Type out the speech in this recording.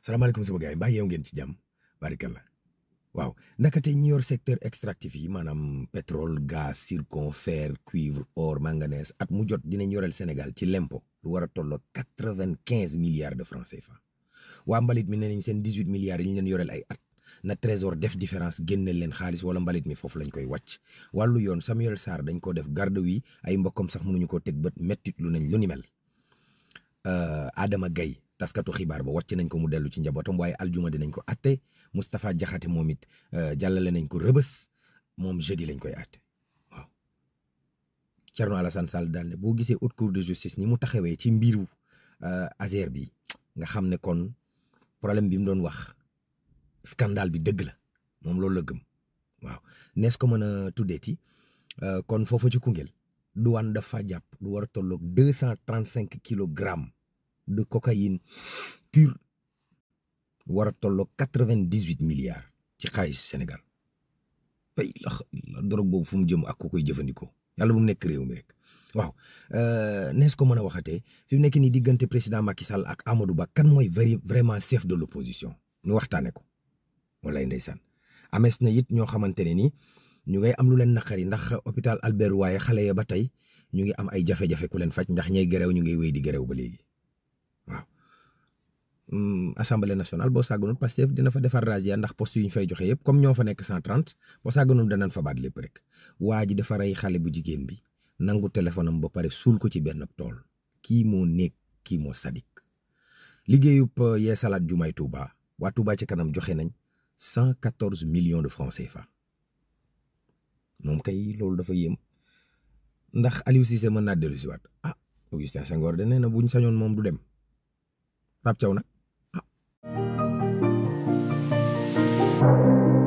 salaamaaleykum sama gars yi mbaa yeewu ngeen ci jàmm barikalla waaw naka te ñi yor secteur extractif yi maanaam pétrole gaz zircon fer cuivre or manganèse at mu jot dinañ yoreel Sénégal ci lempo lu war a tolloo quatre vingt quinze milliards de francs CFA waa mbalit mi nee nañ seen dix huit milliards yi ñu leen yoreel ay at na trésor def différence génneel leen xaalis wala mbalit mi foofu lañ koy wacc wàllu yoon Samuel saar dañ ko def garde wi ay mbokkam sax mënuñu koo teg bët mettit lu nañ lu ni mel euh, Adama Gaye taskatu xibaar ba wàcc nañ ko mu dellu ci njabootam waaye aljuma dinañ ko atte Moustapha Diakhaté moom it euh, jàllale nañ ko rëbës moom jeudi lañ koy atte waaw Thierno Alassane Sall daal ne boo gisee haute cour de justice ni mu taxawee ci mbiru euh, Azer bi nga xam ne kon problème bi mu doon wax skandaal bi dëgg la moom loolu la gëm waaw nees ko mën a tuddeeti euh, kon foofu ci Koungheul douane dafa jàpp lu war a tolloog deux cent trente cinq gramme de cocaïne pure war a tolloo quatre-vingt-dix-huit milliards ci xaalis Sénégal bay la la boobu fu mu jëm ak ku koy jëfandikoo yàlla bu nekk réew mi rek waaw euh, nees ko mën a waxatee fi mu nekk nii diggante président Macky Sall ak Amadou Ba kan mooy vraiment chef de l'opposition ñu waxtaanee ko walay ndeysaan amees na it ñoo xamante ne nii ñu ngay am lu leen naqari ndax hôpital Albert waaye xale ya ba tey ñu ngi am ay jafe-jafe ku leen faj ndax ñay gerew ñu ngi wéy di gerew ba léegi. Mm, assemblée nationale boo sàgganul Pastef dina fa defar razzia ndax poste yu ñu fay joxe yëpp comme ñoo fa nekk 130 boo sàgganul danañ fa baat lépp rek waa ji dafa rey xale bu jigéen bi nangu téléphone ba pare suul ko ci benn tool kii moo nekk kii moo sadik liggéeyub euh, yee salaat jumaay Touba waa Touba ci kanam joxe nañ 114 millions de francs fa moom kay loolu dafa yéem ndax Aliou Cissé mën naa dellusiwaat ah Augustin Senghor de nee na buñ sañoon moom du dem Pape Thiaw thank you